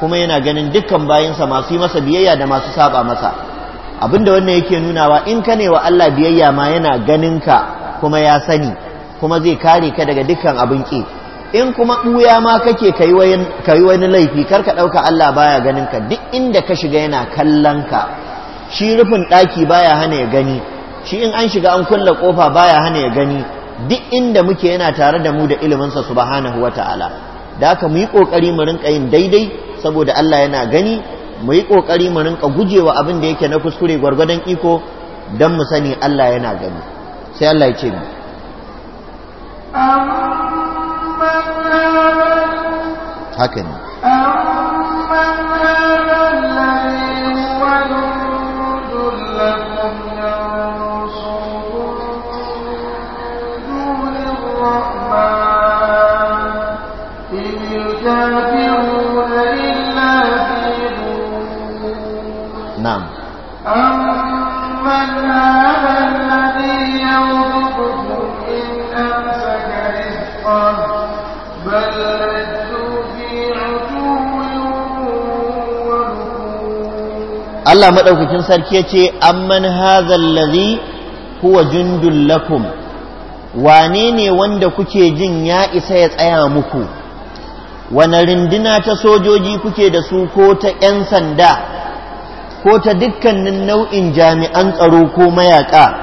kuma yana ganin dukkan bayansa masu yi masa biyayya da masu saba masa abinda wannan yake nunawa in ka ne wa Allah biyayya ma yana ganin ka kuma ya sani kuma zai kare ka daga dukkan abin ki in kuma ɓuya ma kake kayi wani laifi kar ka ɗauka Allah baya ganin ka duk inda ka shiga yana kallon ka shi rufin ɗaki baya hana ya gani shi in an shiga an kulle ƙofa baya hana ya gani duk inda muke yana tare da mu da iliminsa subhanahu wa ta'ala da haka mu yi ƙoƙari mu rinƙa yin daidai saboda Allah yana gani mu yi ƙoƙari mu rinka gujewa abin da yake na kuskure gwargwadon iko don mu sani Allah yana gani sai Allah ya ce mu haka ne Allah maɗaukakin sarki ya ce amman hazal ladhi huwa jundul lakum wane ne wanda kuke jin ya isa ya tsaya muku wane rinduna ta sojoji kuke da su ko ta 'yan sanda ko ta dukkanin nau'in jami'an tsaro ko mayaƙa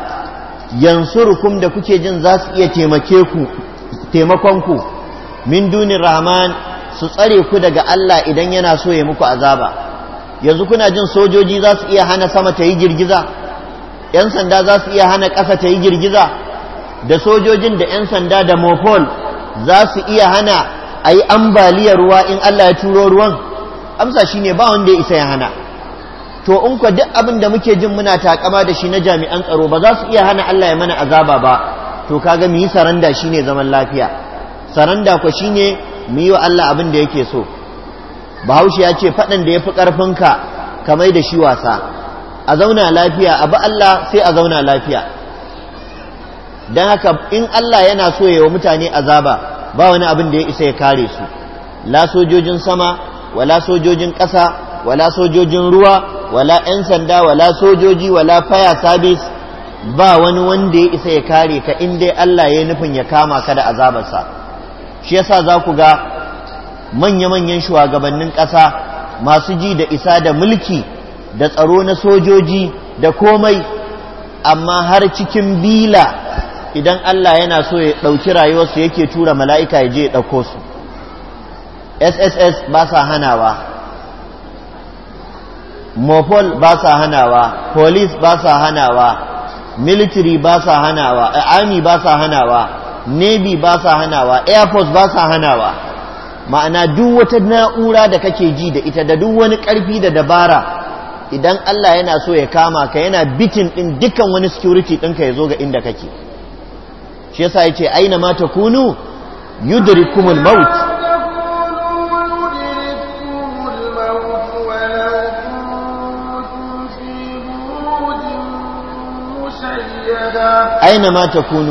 yansurukum da kuke jin za su iya taimakonku min dunin rahman su tsare ku daga Allah idan yana so ya muku azaba yanzu kuna jin sojoji za su iya hana sama ta yi girgiza 'yan sanda za su iya hana ƙasa ta yi girgiza da sojojin da 'yan sanda da mopol za su iya hana a yi ambaliyar ruwa in Allah ya turo ruwan amsa shi ne ba wanda ya isa ya hana to in kwa duk abin da muke jin muna takama da shi na jami'an tsaro ba za su iya hana Allah ya mana azaba ba to kaga mu yi saranda ne zaman lafiya saranda kwa shi ne mu yi wa Allah abin da yake so bahaushe ya ce faɗan da ya fi ƙarfinka ka mai da shi wasa a zauna lafiya abu Allah sai a zauna lafiya don haka in Allah yana so ya wa mutane azaba ba wani abin da ya isa ya kare su la sojojin sama wala sojojin ƙasa wala sojojin ruwa wala 'yan sanda wala sojoji wala faya sabis ba wani wanda ya isa ya kare ka in dai Allah ya nufin ya kama ka da azabarsa shi yasa za ku ga manya-manyan shugabannin ƙasa masu ji da isa da mulki da tsaro na sojoji da komai amma har cikin bila idan Allah yana so ya ɗauki rayuwarsu yake tura mala'ika ya je ya ɗauko su sss ba sa hanawa mopol ba sa hanawa police ba sa hanawa military ba sa hanawa army ba sa hanawa navy ba sa hanawa air force ba sa hanawa ma'ana duk wata na'ura da kake ji da ita da duk wani karfi da dabara idan Allah yana so ya kama ka yana bitin din dukkan wani security ɗinka ka zo ga inda kake shi yasa yace aina ma takunu yudrikumul maut aina ma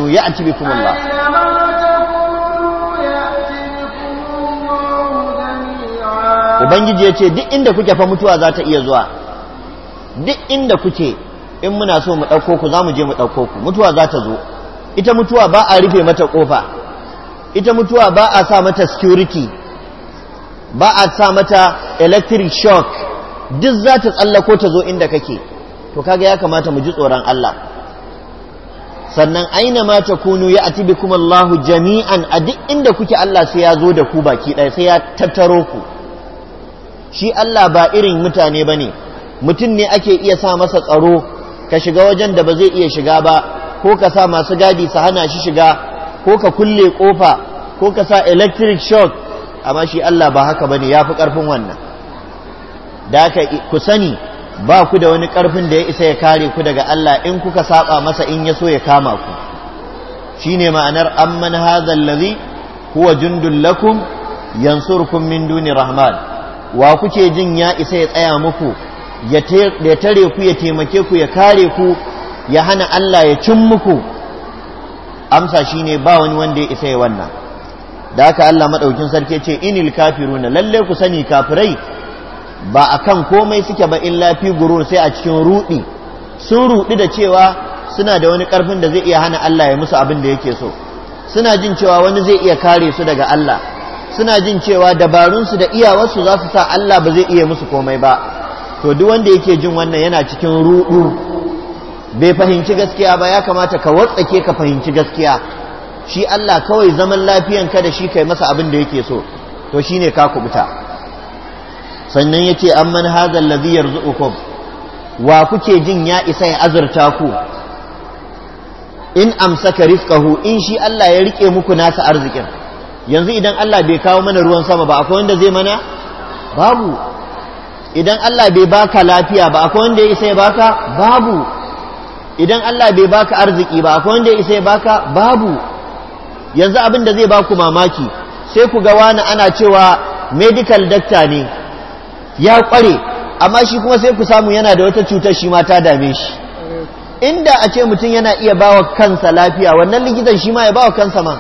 يأتي بكم ubangiji ya ce duk inda kuke fa mutuwa za ta iya zuwa duk inda kuke in muna so mu ɗauko ku za mu je mu ɗauko ku mutuwa za ta zo ita mutuwa ba a rufe mata ƙofa ita mutuwa ba a sa mata security ba a sa mata electric shock duk za ta tsallako ta zo inda kake to kaga ya kamata mu ji tsoron Allah sannan aina ma ta kunu ya ati kuma Allahu jami'an a duk inda kuke Allah sai ya zo da ku baki ɗaya sai ya tattaro ku shi Allah ba irin mutane ba ne mutum ne ake iya sa masa tsaro ka shiga wajen da ba zai iya shiga ba ko ka sa masu gadi su hana shi shiga ko ka kulle kofa ko ka sa electric shock amma shi Allah ba haka ba ne ya fi ƙarfin wannan da aka ku sani ba ku da wani ƙarfin da ya isa ya kare ku daga Allah in kuka saba masa in ya so ya kama ku Shi ne ma'anar amman hadha allazi huwa jundul lakum yansurkum min duni rahman wa kuke jin ya isa ya tsaya muku ya tare ku ya taimake ku ya kare ku ya hana Allah ya cin muku amsa shi ne ba wani wanda ya isa ya wannan da aka Allah maɗaukin sarki ce inil kafiruna lalle ku sani kafirai ba a kan komai suke ba in lafi gurur sai a cikin ruɗi. sun rudi da cewa suna da wani ƙarfin da zai iya hana Allah ya musu abin da yake so suna jin cewa wani zai iya kare su daga Allah suna jin cewa dabarunsu da iyawarsu za su sa Allah ba zai iya musu komai ba to duk wanda yake jin wannan yana cikin ruɗu bai fahimci gaskiya ba ya kamata ka wartsake ka fahimci gaskiya shi Allah kawai zaman lafiyan ka da shi kai masa abin da yake so to shine ka kubuta sannan yace amman hadha allazi yarzuqukum wa kuke jin ya isa ya azurta ku in amsaka rizqahu in shi Allah ya rike muku nasa arzikin yanzu idan Allah bai kawo mana ruwan sama ba akwai wanda zai mana babu idan Allah bai baka lafiya ba akwai wanda ya isa ya baka babu idan Allah bai baka arziki ba akwai wanda ya isa ya baka babu yanzu abin da zai baku mamaki sai ku ga wani ana cewa medical doctor ne ya kware amma shi kuma sai ku samu yana da wata cutar shi ma ta dame shi inda a ce mutum yana iya bawa kansa lafiya wannan likitan shi ma ya bawa kansa ma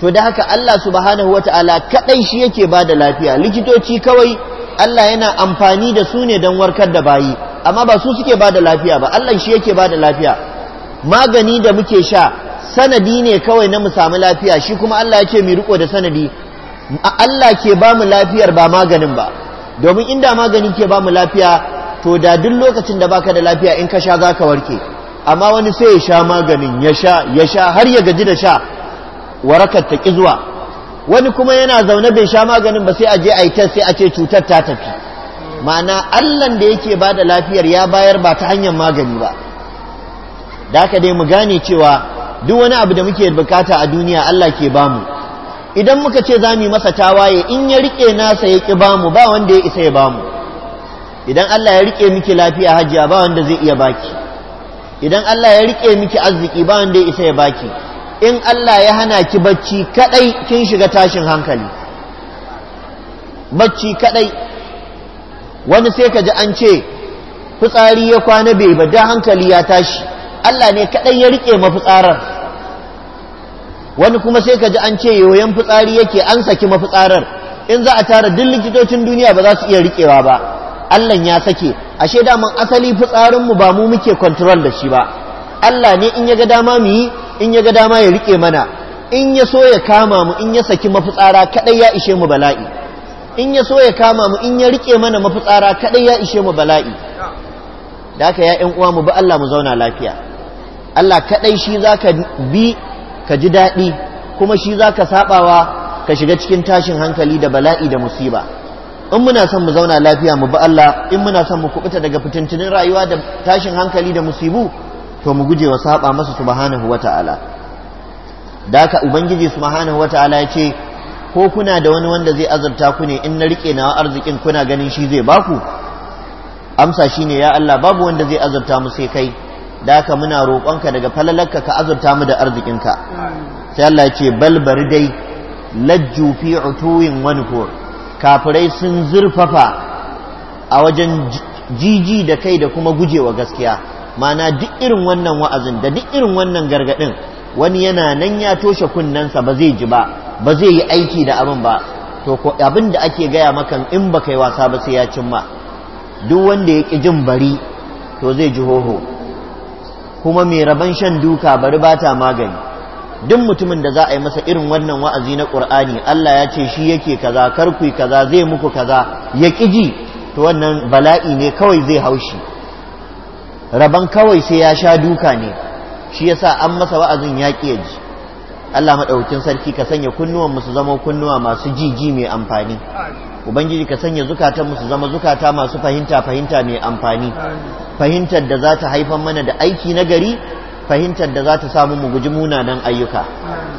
to da haka Allah subhanahu wata'ala kadai shi yake bada lafiya likitoci kawai Allah yana amfani da su ne don warkar da bayi amma ba su suke bada lafiya ba Allah shi yake bada da lafiya magani da muke sha sanadi ne kawai na mu samu lafiya shi kuma Allah yake mi riko da sanadi Allah ke ba mu lafiyar ba maganin ba domin inda magani ke ba mu lafiya to da duk lokacin da baka da lafiya in ka sha za ka warke amma wani sai ya sha maganin ya sha ya sha har ya gaji da sha warakar ta ki zuwa wani kuma yana zaune bai sha maganin ba sai a je a yi sai a ce cutar ta tafi ma'ana allan da yake ba da lafiyar ya bayar ba ta hanyar magani ba da haka dai mu gane cewa duk wani abu da muke bukata a duniya allah ke bamu idan muka ce za mu yi masa tawaye in ya rike nasa ya ki bamu ba wanda ya isa ya bamu idan allah ya rike miki lafiya hajiya ba wanda zai iya baki idan allah ya rike miki arziki ba wanda ya isa ya baki in Allah ya hana ki bacci kadai kin shiga tashin hankali bacci kadai wani sai ka ji an ce fitsari ya kwana bai ba da hankali ya tashi Allah ne kadai ya rike mafitsarar wani kuma sai ka ji an ce yoyon fitsari yake an saki mafitsarar in za a tara duk likitocin duniya ba za su iya rikewa ba Allah ya sake ashe daman asali fitsarinmu ba mu muke control da shi ba Allah ne in ya ga dama mu yi in ya ga dama ya rike mana in ya so ya kama mu in ya saki mafitsara kadai ya ishe mu bala'i in ya so ya kama mu in ya rike mana mafitsara kadai ya ishe mu bala'i da haka ya ƴan uwa mu ba Allah mu zauna lafiya Allah kadai shi zaka bi ka ji daɗi kuma shi zaka sabawa ka shiga cikin tashin hankali da bala'i da musiba in muna son mu zauna lafiya mu ba Allah in muna son mu kubuta daga fitintunin rayuwa da tashin hankali da musibu to mu guje wa saba masa subhanahu wata'ala da ka ubangiji subhanahu wata'ala ya ce ko kuna da wani wanda zai azabta ku ne in na rike nawa arzikin kuna ganin shi zai baku amsa shine ya Allah babu wanda zai azurta mu sai kai da haka muna roƙonka daga falalarka ka azurta mu da arzikinka sai Allah ya ce bal bari dai lajju fi utuwin wani kafirai sun zurfafa a wajen jiji da kai da kuma gujewa gaskiya mana duk irin wannan wa'azin da duk irin wannan gargaɗin wani yana nan ya toshe kunnensa ba zai ji ba ba zai yi aiki da abin ba to abin da ake gaya maka in ba kai wasa ba sai ya cimma duk wanda ya ki jin bari to zai ji hoho kuma mai raban shan duka bari ba ta magani duk mutumin da za a yi masa irin wannan wa'azi na ƙur'ani Allah ya ce shi yake kaza kar kaza zai muku kaza ya ƙi ji to wannan bala'i ne kawai zai haushi raban kawai sai ya sha duka ne shi ya sa an masa wa'azin ya ji Allah maɗaukin sarki ka sanya kunnuwan musu zama kunnuwa masu jiji mai amfani ubangiji ka sanya zukatan musu zama zukata masu fahimta fahimta mai amfani fahimtar da za ta haifar mana da aiki na gari fahimtar da za ta samu mu guji munanan ayyuka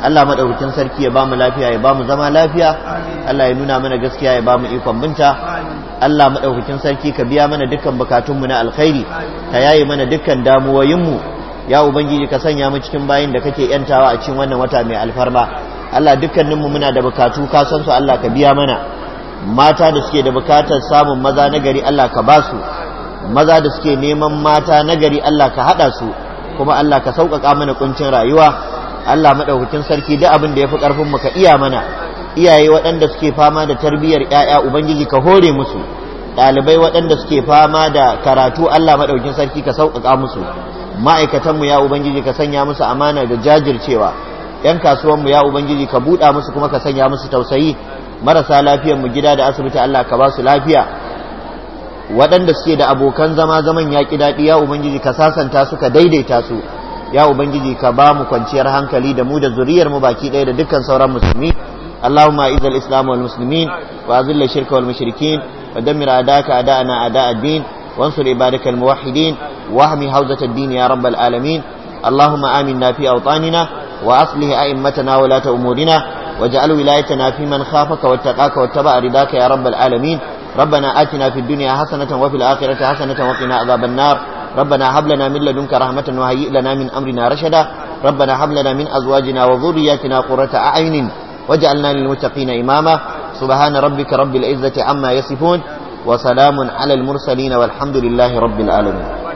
Allah maɗaukin sarki ya bamu lafiya ya bamu zama lafiya Allah ya nuna mana gaskiya ya bamu ikon binta Allah madaukakin sarki ka biya mana dukkan bukatunmu na alkhairi ka yayi mana dukkan damuwoyinmu ya ubangiji ka sanya mu cikin bayin da kake yantawa a cikin wannan wata mai alfarma Allah dukkaninmu muna da bukatu ka san su Allah ka biya mana mata da suke da bukatar samun maza nagari Allah ka ba maza da suke neman mata nagari Allah ka hada su kuma Allah ka sauƙaƙa mana kuncin rayuwa Allah madaukakin sarki duk abin da yafi karfin mu ka iya mana iyaye waɗanda suke fama da tarbiyyar ‘ya'ya ubangiji ka hore musu ɗalibai waɗanda suke fama da karatu Allah maɗaukin sarki ka sauƙaƙa musu ma'aikatanmu ya ubangiji ka sanya musu amana da jajircewa ‘yan kasuwanmu ya ubangiji ka buɗa musu kuma ka sanya musu tausayi marasa mu gida da asibiti Allah ka ba su lafiya waɗanda suke da abokan zama zaman ya daɗi ya ubangiji ka sasanta su ka daidaita su ya ubangiji ka ba mu kwanciyar hankali da mu da zuriyar mu baki ɗaya da dukkan sauran musulmi اللهم أعز الإسلام والمسلمين وأذل الشرك والمشركين ودمر أعداءك أعداءنا أعداء الدين وانصر عبادك الموحدين واحمي حوزة الدين يا رب العالمين اللهم آمنا في أوطاننا وأصله أئمتنا ولاة أمورنا واجعل ولايتنا في من خافك واتقاك واتبع رضاك يا رب العالمين ربنا آتنا في الدنيا حسنة وفي الآخرة حسنة وقنا عذاب النار ربنا هب لنا من لدنك رحمة وهيئ لنا من أمرنا رشدا ربنا هب لنا من أزواجنا وذرياتنا قرة أعين وجعلنا للمتقين إماما سبحان ربك رب العزة عما يصفون وسلام على المرسلين والحمد لله رب العالمين